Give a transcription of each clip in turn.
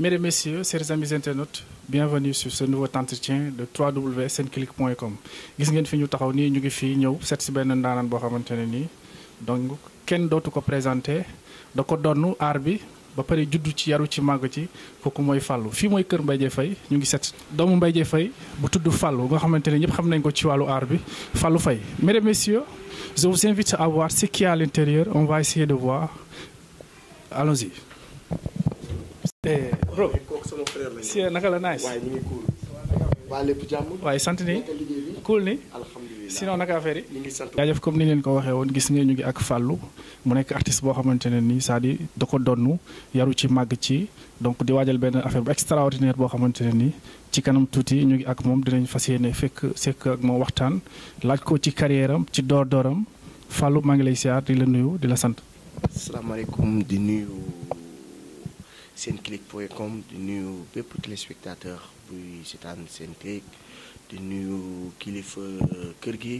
Mesdames, Messieurs, chers amis internautes, bienvenue sur ce nouveau entretien de www.senclic.com gis ngeen fi ñu taxaw nii ñu ngi fi ñëw set si benn ndaanaan boo xamante ne nii donc kenn dootu ko présenté da ko donn aar bi ba pare juddu ci yaru ci màgg ci kooku mooy fàllu fii mooy kër Mbaye Dieye Faye ñu ngi set doomu mbay Dieye Faye bu tudd Fallou nga xamante ne ñëpp xam nañ ko ci wàllu aar bi Fallou Faye mesdames messieurs je vous invite à voir ce à l'intérieur on va essayer de voir allons-y Rob si naka la nice waaye sant ni cool ni sinon naka affaire yi jaajëf comme ni leen ko waxee woon gis ngeen ñu ngi ak Fallou mu nekk artiste boo xamante ne nii c'est-à-dire da ko donnu yaru ci màgg ci donc di waajal benn affaire bu extraordinaire boo xamante ne nii ci kanam tuuti ñu ngi ak moom dinañ fas yéene fekk sekk ak moom waxtaan laaj ko ci carrière ci door dooram Fallou maa ngi lay siyaar di la nuyu di la sant asalaamaaleykum di nuyu senclic point comme di nuyu bépp téléspectateur buy seetaan senclic di nuyu kilifa euh, kër gi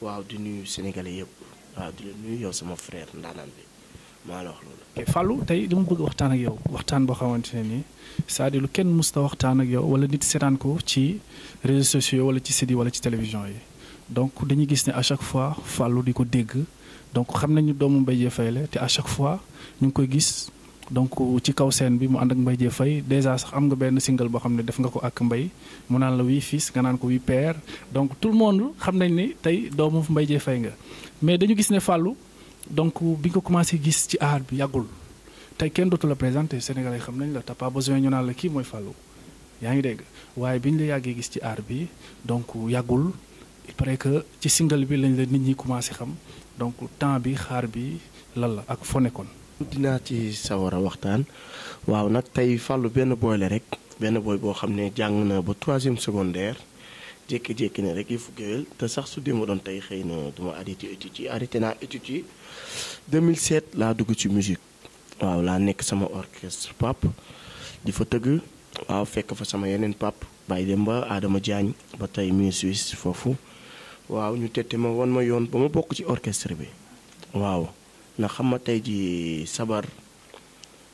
waaw di nuyu sénégalais yëpp waaw di la nuyu yow sama frère ndaanaan bi maa la wax loolu. Fallou tey dama bëgg waxtaan ak yow waxtaan boo xawante ne nii cest à lu kenn musta waxtaan ak yow wala nit seetaan ko ci réseaux sociaux wala ci site yi wala ci télévision yi donc dañuy gis ne à chaque fois Fallou di ko dégg donc xam nañu doomu Mbaye Dièye la te à chaque fois ñu ngi donc ci kaw seen bi mu ànd ak mbay Dieye fay déjà sax am nga benn single boo xam ne def nga ko ak mbay mu naan la wii fils nga naan ko wii père donc tout le monde xam nañ ni tey doomu Mbaye Dieye Faye nga mais dañu gis ne fàllu donc bi nga commencé gis ci aar bi yàggul tey kenn dootu la sénégal Sénégalais xam nañ la tappa pas besoin ñu naan la kii mooy Fallou yaa ngi dégg waaye bi ñu la yàggee gis ci aar bi donc yàggul il que ci single bi lañ la nit ñi commencé xam donc temps bi xaar bi lan la ak fo nekkoon dinaa ci sawar a waxtaan waaw nag tey fàllu benn booy la rek benn booy boo xam ne jàng na ba troisième secondaire jékki-jékki ne rek yëfu géwél te sax su ma doon tey xëy na duma arrêté études yi arrêté naa études yi laa dugg ci musique waaw laa nekk sama orchestre pap di fa tëgg waaw fekk fa sama yeneen pap bàyyi dem ba Adama Diagne ba tey muy Suisse foofu waaw ñu tette ma wan ma yoon ba ma bokk ci orchestre bi waaw ndax xam nga tey ji sabar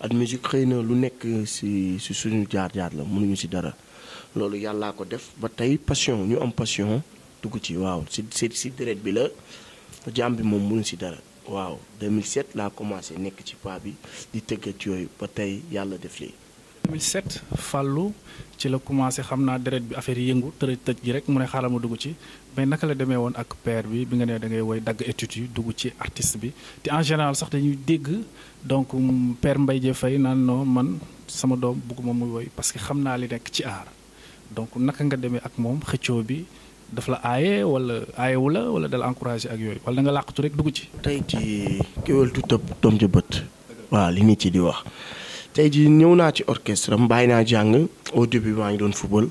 ak musique xëy na lu nekk si si suñu jaar-jaar la mënuñu si dara loolu yàllaa ko def ba tey passion ñu am passion dugg ci waaw si si si deret bi la jàmm bi moom munu si dara waaw 2007 laa commencé nekk ci paa bi di tëggat yooyu ba tey yàlla def lii 2007 fàllu ci la commencé xam naa deret bi affaire yëngu tërëj tëj gi rek mu ne xaaral ma dugg ci mais naka la demee woon ak père bi bi nga ne da ngay woy dagg études yi dugg ci artiste bi te en général sax dañuy dégg donc per mbay Dièye fay naan noo man sama doom bugguma muy woy parce que xam naa li nekk ci aar donc naka nga demee ak moom xëccoo bi daf la aaye wala aayewu la wala dal encouragé ak yooyu wala da nga làqatu rek dugg ci. tey ci kéwél tu tëb doom ci li nit ci di wax. tey jii ñëw naa ci orchestre am bàyyi naa jàng au début maa ngi doon football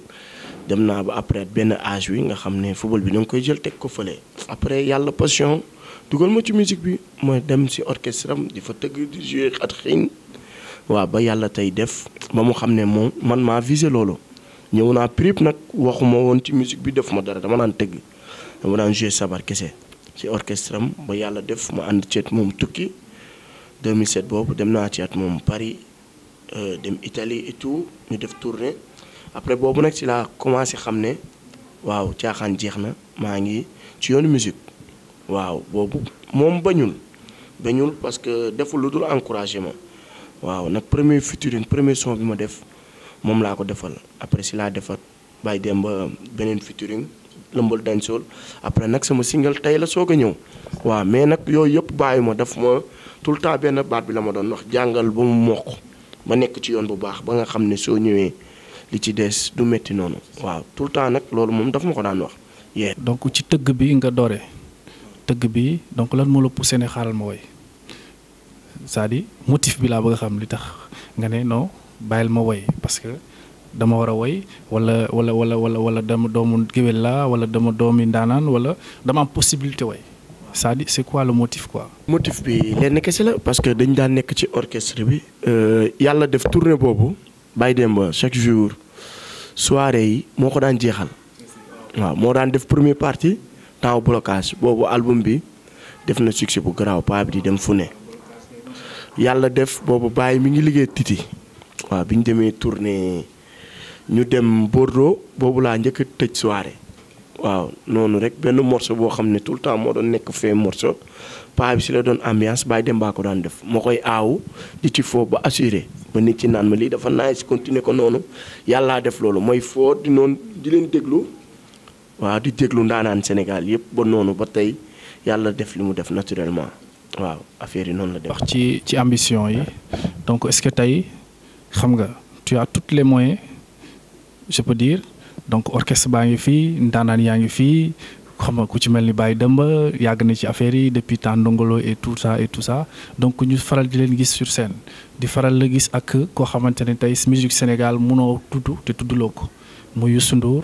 dem naa ba après benn âge wi nga xam ne football bi da nga koy jël teg ko fële. après yàlla passion dugal ma ci musique bi mooy dem si orchestre di fa tëgg di ba yàlla tey def ba mu xam ne moom man maa visé loolu ñëw naa prip nag waxuma woon ci musique bi def ma dara dama daan tëgg dama daan jouer sabar kese ci orchestre am ba yàlla def ma ànd ceet moom tukki 2007 boobu dem naa ci at moom Paris Euh, dem Italie et tout ñu def tournée après boobu nag ci laa commencé xam ne waaw caaxaan jeex na maa ngi ci yoonu musique waaw boobu moom bañul bañul parce que deful lu dul encouragé ma waaw nag premier featuring premier son bi ma def moom laa ko defal après si laa defat bàyyi dem ba beneen featuring lëmbal dañ sol après nag sama single tey la soog a ñëw waaw mais nag yooyu yëpp bàyyi ma daf ma tout le temps benn baat bi la ma doon wax jàngal ba mu mokk ma nekk ci yoon bu baax ba nga xam ne soo ñëwee li ci des du métti noonu waaw tout temps nag loolu moom daf ma ko daan wax. yee donc ci tëgg bi nga doore tëgg bi donc lan moo la poussé ne xaaral ma woy cest à motif bi laa bëgg a xam li tax nga ne noo bàyyil ma woy parce que dama war a woy wala wala wala wala wala dama doomu géwél laa wala dama doomi ndaanaan wala dama am possibilité woy saa à dire quoi le motif quoi. motif bi lenn kese la parce que dañ daan nekk ci orchestre bi. Euh, yàlla def tournée boobu bay dem ba chaque jour soirée yi moo ko daan jeexal waaw moo daan def premier partie taaw blocage boobu album bi def na succès bu garaaw paa bi di dem fu ne yàlla def boobu Baye mi ngi liggéey Titi waa bi ñu demee tournée ñu dem Bordeaux boobu laa njëkk a tëj soirée. waaw noonu rek benn morceau boo xam ne tout le temps moo doon nekk fee morso paa bi si la doon ambiance bàyyi dem baa ko daan def moo koy aaw di ci foo ba assuré ba nit ci naan ma lii dafa naaj si continuer ko noonu yàllaa def loolu mooy foo di noonu di leen déglu waaw di déglu ndaanaan Sénégal yëpp ba noonu ba tey yàlla def li mu def naturellement waaw affaire yi noonu la def. wax ci ci ambition yi donc est-ce que tey xam nga tout les moyens je peux dire. donc orchestre baa ngi fii ndaanaan yaa ngi fii xam nga ku ci mel ni Baye Demba yàgg na ci affaire yi depuis temps ndongolo et tout ça et tout ça donc ñu faral di leen gis sur scène di faral la gis ak koo xamante ne tey musique Sénégal munoo tudd te tuddloo ko mu Youssou Ndour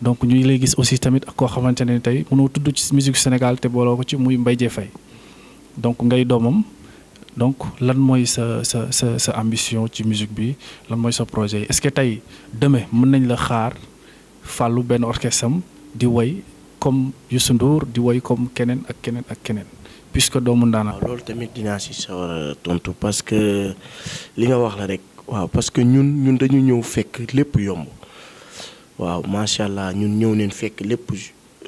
donc ñu ngi lay gis aussi tamit ak koo xamante ne tey mënoo tudd ci musique Sénégal te booloo ko ci muy Mbaye Dieye donc ngay doomam donc lan mooy sa sa sa sa ambition ci musique bi lan mooy sa projet est-ce que tey demain mën nañ la xaar. fàllu benn orchestre am di woy comme Youssou Ndour di woy comme keneen ak keneen ak keneen puisque doomu ndaanaan. waaw loolu tamit dinaa si sawar a tontu parce que li nga wax la rek waaw parce que ñun ñun dañu ñëw fekk lépp yomb waaw macha allah ñun ñëw neen fekk lépp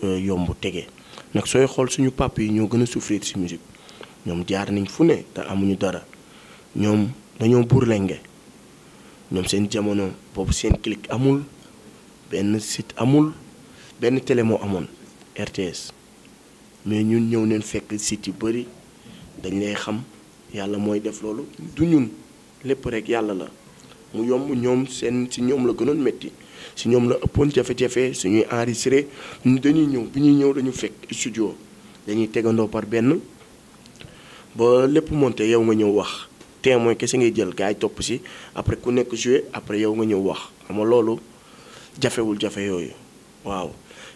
euh, yomb tege nag sooy xool suñu pàpp yi ñoo gën a souffrir si musique ñoom jaar nañ fu ne te amuñu dara ñoom dañoo burlenge ñoom seen jamono boobu seen clic amul. benn site amul benn télémon amoon RTS mais ñun ñëw neen fekk site yi bëri dañ lay xam yàlla mooy def loolu du ñun lépp rek yàlla la mu yomb ñoom seen si ñoom la gënoon métti si ñoom la ëppoon jafe-jafe suñuy enregistré dañuy ñëw bi ñuy ñëw dañu fekk studio dañuy tegandoo par benn ba lépp moonte yow nga ñëw wax témoin kese ngay jël gars topp si après ku nekk joué après yow nga ñëw wax xam nga loolu jafewul jafe yooyu waaw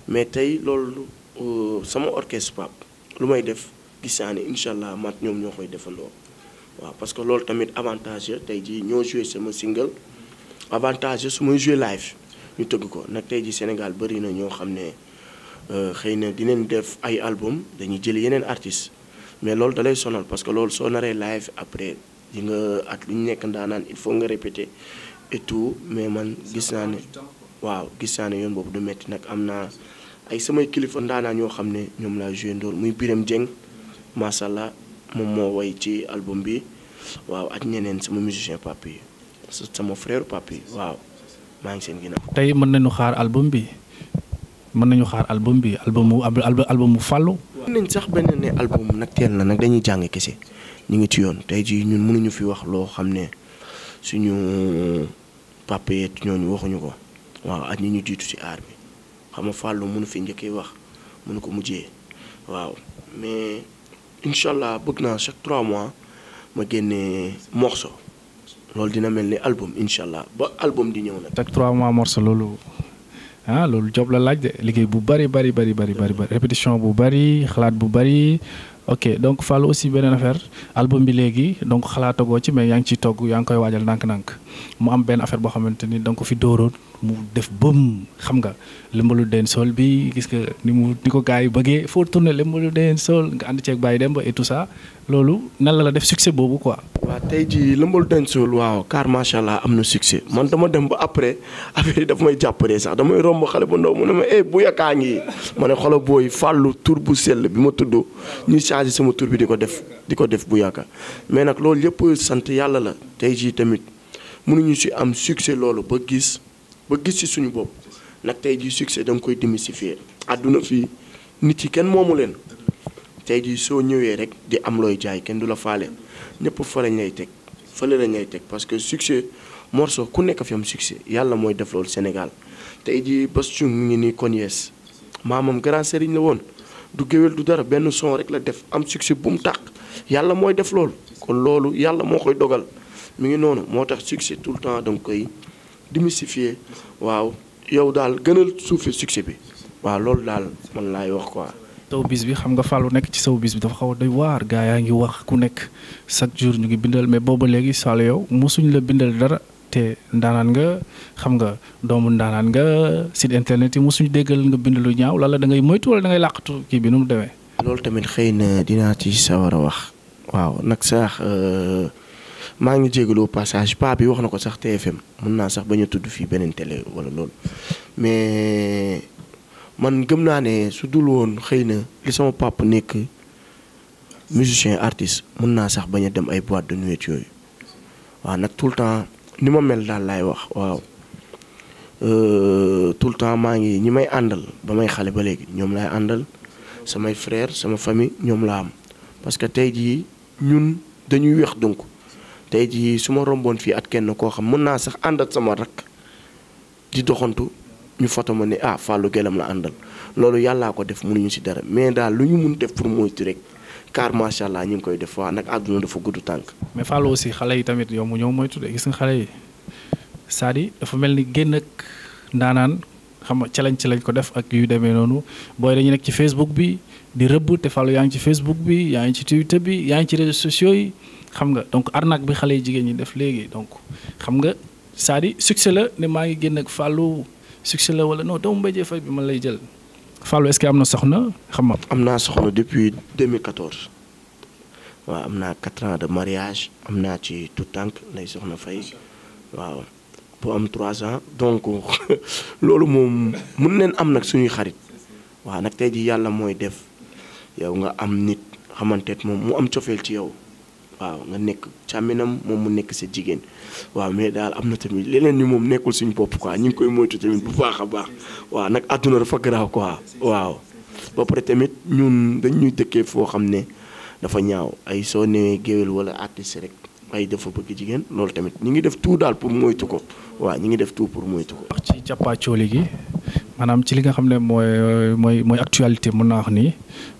mais tey loolu euh, sama orchestre pap lu may def gis naa ne incha allah mat ñoom ñoo koy defandoo waaw parce que loolu tamit avantage ya tey jii ñoo joué sama single avantage ya su may joué live ñu tëgg ko nag tey jii Sénégal bëri na ñoo xam ne euh, xëy na dinañ def ay album dañuy jël yeneen artistes mais loolu da lay sonal parce que loolu soo naree live après yi nga at lu ñu nekk ndaanaan il faut nga répéter et tout mais man gis naa ne. waaw gis naa ne yoon boobu du metti nag am naa ay samay kilifa ndaanaa ñoo xam ne ñoom laa joué ndoor muy Birame Dieng macha moom moo woy ci album bi waaw ak ñeneen sama musicien papi yi sama frère papi waaw maa ngi seen ginnaaw. tey mën nañu xaar album bi mën nañu xaar album bi album mu album mu fàllu. nañ sax benn ne album nag teel na nag dañuy jàng kese ñu ngi ci yoon tey jii ñun mënuñu fi wax loo xam ne suñu papi ñooñu waxuñu ko. waaw ak ñi ñu jiitu ci aar bi xam nga Fallou mënu fi njëkkee wax mënu ko mujjee waaw mais incha allah bëgg naa chaque trois mois ma génnee morceau loolu dina mel ni album incha allah ba album di ñëw nag. chaque trois mois morceau loolu ah loolu job la laaj de liggéey bu bari bari bari bari bari répétition bu bari xalaat bu bari. ok donc Fallou aussi beneen affaire album bi léegi donc xalaatagoo ci mais yaa ngi ciy togg yaa ngi koy waajal ndànk-ndànk. mu am benn affaire boo xamante ni da ko fi dóoroon mu def bëm xam nga lëmbalu deen sol bi gis nga ni mu ni ko gars yi bëggee foo tourné lëmbalu deen sol nga ànd ceeg dem Demba et tout ça loolu nan la la def succès boobu quoi. waa tey jii lëmbalu deen sol waaw car macha allah am na succès man dama dem ba après affaire yi daf may jàppale sax damay romb xale bu ndaw mu ne ma eh bu yàkkaa ngi ma ne xoolal booy fàllu tur bu sell bi ma tudd ñu changé sama tur bi di ko def di ko def bu yàkka mais nag loolu yëpp sant yàlla la tey jii tamit. mënuñu si am succès loolu ba gis ba gis si suñu bopp nag tey jii succès da nga koy démystifier àdduna fii nit yi kenn moomu leen tey jii soo ñëwee rek di am looy jaay kenn du la faale ñëpp fa lañ lay teg fële lañ lay teg parce que succès morceau ku nekk fi am succès yàlla mooy def loolu Sénégal tey jii bas cu ngi nii kon yees maamam grand sëriñ la woon du géwél du dara benn son rek la def am succès bu mu tàq yàlla mooy def loolu kon loolu yàlla moo koy dogal mi ngi noonu moo tax succès tout le temps da nga koy démystifier waaw yow daal gënal suufe succès bi waaw loolu daal man laay wax quoi. taw bis bi xam nga Fallou nekk ci saw bis bi dafa xaw a waar gaa yaa ngi wax ku nekk chaque jour ñu ngi bindal mais booba léegi Sall yow mosuñ la bindal dara te ndaanaan nga xam nga doomu ndaanaan nga site internet yi mosuñ déggal nga bind lu ñaaw lala da ngay moytu wala da ngay làqatu kii bi nu mu demee. loolu tamit xëy na dinaa ci sawar a wax. waaw nag sax euh, maa ngi jégaloo passage pa bi wax na ko sax TFM mën naa sax bañ a tudd fii beneen télé wala loolu mais man gëm naa ne su dul woon xëy na li sama papa nekk musicien artiste mën naa sax bañ a dem ay boîte de nuit yooyu waaw nag tout le temps ni ma mel daal laay wax waaw euh, tout le temps maa ngi ñi may àndal ba may xale ba léegi ñoom laay àndal samay frère sama famille ñoom laa am parce que tey jii ñun dañuy weex dunk tey jii su ma romboon fii at kenn koo xam mën naa sax ànd ak sama rak di doxantu ñu foto ma ne ah Fallou gelam la àndal loolu yàllaa ko def mënuñu si dara mais daal lu ñu mun def pour moytu rek car macha allah ñu ngi koy def waa nag àdduna dafa gudd tànk. mais Fallou aussi xale yi tamit yow mu ñëw moytu de gis nga xale yi cest dafa mel ni génn ak ndaanaan xam nga challenge lañ ko def ak yu demee noonu booy dañu nekk ci Facebook bi di rëbb te Fallou yaa ngi ci Facebook bi yaa ngi ci Twitter yaa ngi ci réseaux yi. xam nga donc arnaque bi xale yi jigéen ñi def léegi donc xam nga cest à succès la ne maa ngi génn ak Fallou succès la wala non doomu Mbaye Faye bi man lay jël Fallou est am na soxna xam na am naa soxna depuis 2014 waaw am naa 4 ans de mariage am naa ci tout tànk lay soxna Faye waaw am 3 ans donc loolu moom mun neen am nag suñuy xarit waaw nag tey ji yàlla mooy def yow nga am nit xamanteet moom mu am cofeel ci yow. waaw nga nekk càmminam moom mu nekk sa jigéen waaw mais daal am na tamit leneen ni moom nekkul suñu bopp quoi ñu ngi koy moytu tamit bu baax a baax waaw nag àdduna dafa garaaw quoi waaw ba pare tamit ñun dañuy dëkkee foo xam ne dafa ñaaw ay soo newee géwél wala artiste rek ay dafa bëgg jigéen loolu tamit ñu ngi def tout daal pour moytu ko waaw ñu ngi def tout pour moytu ko. wax ci càppaacooli gi maanaam ci li nga xam ne mooy mooy mooy actualité mën naa wax nii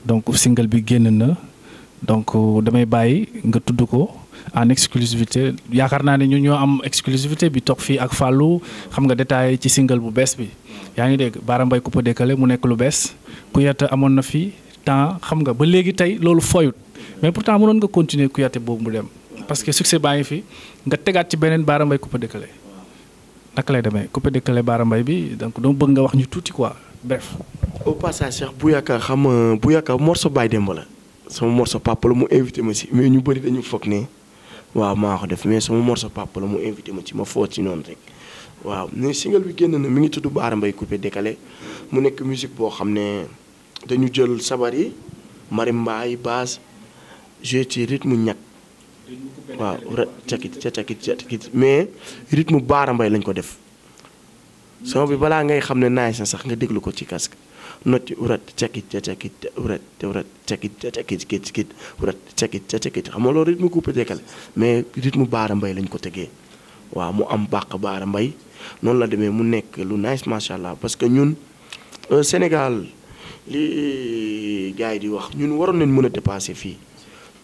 donc singal bi génn na. donc euh, damay bàyyi nga tudd ko en exclusivité yaakaar naa ne ñu ñoo am exclusivité bi toog fii ak fàllu xam nga détail ci single bu bees bi yaa ngi dégg Bara Mbaye Coupé Décalé mu nekk lu bees Kouyaté amoon na fi temps xam nga ba léegi tey loolu foyut mais pourtant mënoon nga continuer Kouyaté boobu mu dem parce que succès baa ngi fi nga tegaat ci beneen Bara Mbaye Coupé Décalé lay demee Coupé Décalé Bara Mbaye bi donc dama bëgg nga wax ñu tuuti quoi bref. au passage Cheikh Bouyaka xam Bouyaka morceau Baye Demba la. sama morso papa mu invité ma si mais ñu bëri dañu foog ne waaw maa ko def mais sama morso papa la mu invité ma ci ma foot ci noonu rek waaw mais single bi génn na mi ngi tudd Baara Mbaye coupé décalé mu nekk musique boo xam ne dañu jël sabar yi marimba yi basse joué ci rythme ñag waaw cakit ca cakit cakit mais rythme Baara lañ ko def sama bi balaa ngay xam ne naaj sa sax nga déglu ko ci casque Noti urat cekit cekit urat urat cekit cekit cekit urat cekit cekit xam nga loolu rythme coupé décalé mais rythme baara mbay lañ ko tegee waaw mu am bàq baara mbay noonu la demee mu nekk lu nice macha allah parce que ñun euh, Sénégal li gars yi di wax ñun waroon nañ mën a dépasser fii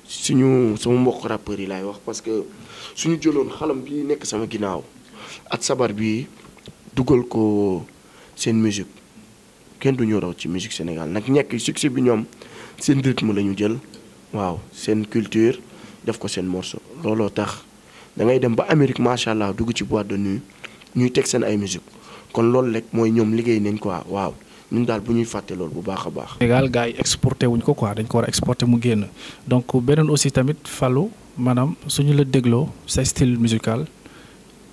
suñu sama mbokk rappeurs yi laay wax parce que suñu jëloon xalam bi nekk sama ginnaaw ak sabar bi dugal ko seen musique kenn du ñu raw ci musique Sénégal nag ñekk succès bi ñoom seen rythme la ñu jël waaw seen culture def ko seen morceau looloo tax da ngay dem ba Amérique macha allah dugg ci boîte de nuit ñuy teg seen ay musique kon loolu rek mooy ñoom liggéey nañ ko waaw ñun daal bu ñuy fàtte lool bu baax a baax. Sénégal gars yi exporté wuñ ko quoi dañ ko war a exporté mu génn donc beneen aussi tamit Fallou maanaam suñu la dégloo sa style musical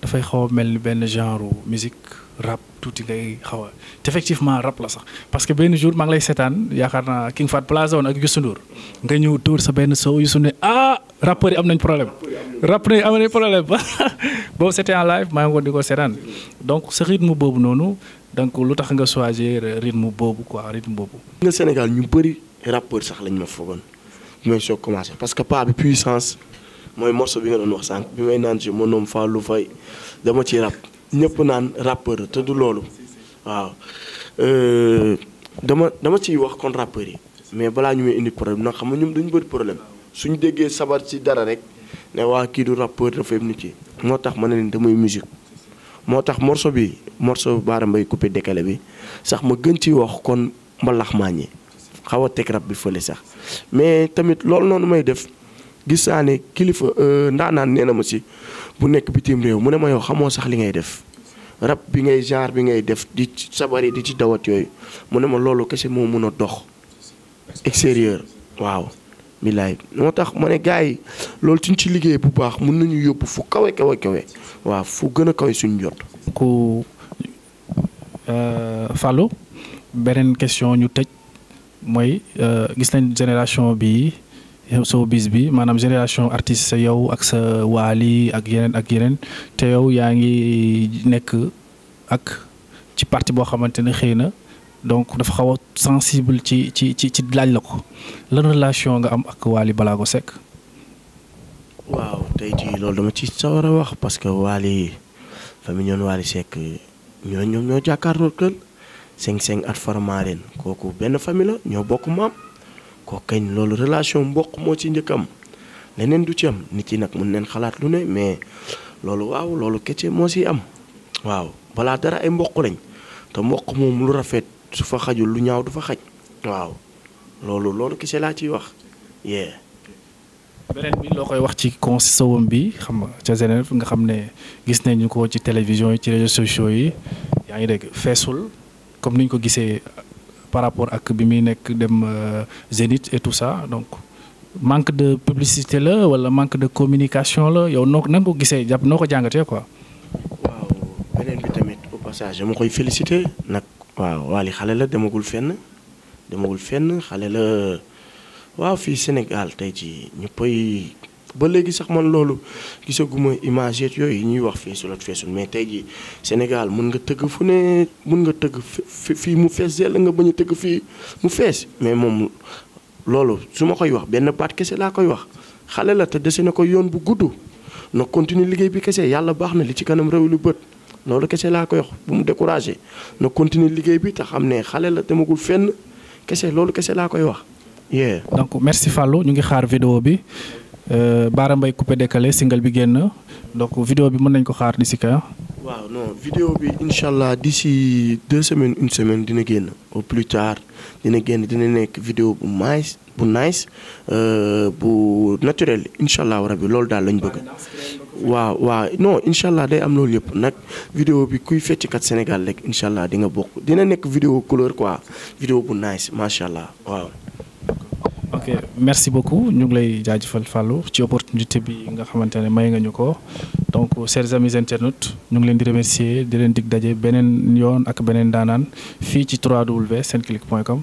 dafay xaw a mel ni benn genre musique. rap tuuti ngay xaw a te effectivement rap la sax parce que benn jour maa ngi lay seetaan yaakaar naa King Fat Plaza woon ak sa benn sow Youssou ne ah rappeurs yi am nañ problème rap nañ di ko seetaan sa rythme boobu noonu donc lu tax nga choisir rythme boobu quoi rythme boobu. nga Sénégal ñu bëri rappeurs sax lañ ma foogoon mooy soo parce que pas bi puissance mooy morceau bi nga doon wax sànq bi may naan ci mon nom Fallou Faye dama ci rap. ñëpp naan rappeur te du loolu waaw euh, dama dama ciy wax kon rappeur yi mais balaa ñu may indi problème nag xam nga ñoom dañu bëri problème suñ déggee sabar ci dara rek ne waa kii du rappeur dafa yem ci moo tax ma ne leen damay musique moo tax morceau bi morceau Baara Mbaye coupé décalé bi sax ma gën ci wax kon mbalax maañi xaw a teg rab bi fële sax mais tamit loolu noonu may def. gis naa ne kilifa euh, ndaanaan nee na ma si bu nekk bitim réew mu ne ma yow xamoo sax li ngay def rab bi ngay genre bi ngay def di sabar yi di ci dawat yooyu mu ne ma loolu kese moo mun a dox extérieur waaw milaay moo tax ma ne gars yi loolu suñ ci liggéey bu baax mun nañu yóbbu fu kawe kawe kawe waaw fu gën a kawe suñ jot ku euh, Fallou beneen question ñu tëj mooy euh, gis nañ génération bii yow showbiz bi maanaam génération artiste sa yow ak sa waali ak yeneen ak yeneen te yow yaa ngi nekk ak ci parti boo xamante ne xëy na donc dafa xaw a sensible ci ci ci ci laaj la ko lan relation nga am ak Waly Balago Seck. waaw tey jii loolu dama ci war a wax parce que Waly famille ñoon Waly Seck ñoo ñoom ñoo jàkkaarloo kër 5-5 at format leen kooku benn famille la ñoo bokk maam. ko kañ loolu relation mboq moo ci njëkk am leneen du ci am nit yi nag mun neen xalaat lu ne mais loolu waaw loolu kecce moo ci am waaw balaa dara ay mboq lañ te mboq moom lu rafet su fa xajul lu ñaaw du fa xaj waaw loolu loolu kese laa ciy wax yee beneen bi loo koy wax ci consisawam bi xam nga ca Genève nga xam ne gis nañu ko ci télévision yi ci réseaux sociaux yi yaa ngi dégg feesul comme ni ñu ko gisee par rapport ak bi muy nekk dem euh, Zénith et tout ça donc manque de publicité la wala manque de communication la yow noo nan ko gisee jàpp noo ko jàngatee ko waaw beneen bi tamit au passage dama koy félicité nag waaw Wally xale la demagul fenn demagul fenn xale la waaw fii Sénégal tey ci ñëppay ba léegi sax man loolu gisaguma image yeeg yooyu ñuy wax feesul ak feesul mais tey jii Sénégal mun nga tëgg fu ne mun nga tëgg fii mu fees dell nga bañ a tëgg fii mu fees mais moom loolu su ma koy wax benn baat kese laa koy wax xale la te dese na ko yoon bu gudd na continuer liggéey bi kese yàlla baax na li ci kanam réew lu bët loolu kese laa koy wax bu mu découragé na continuer liggéey bi te xam ne xale la demagul fenn kese loolu kese laa koy wax. donc bi. Euh, Bara Mbaye coupé décalé singal bi génn donc vidéo bi mën nañ ko xaar d'ici quand. waaw non bi incha allah d'ici deux semaines une semaine dina génn au plus tard dina génn dina nekk vidéo bu nice bu nice euh, bu naturel incha allah rabi loolu daal lañ bëgg. waaw waaw non incha allah day am loolu yëpp nag vidéo bi kuy feccikat Sénégal rek incha allah di nga bokk dina nekk vidéo couleur quoi vidéo bu nice macha allah waaw. ok merci beaucoup ñu ngi lay jaajëfal Fallou ci opportunité bi nga xamante ne may nga ñu ko donc chers amis internautes ñu ngi leen di remercier di leen dig daje beneen yoon ak beneen daanaan fii ci 3W senclic point com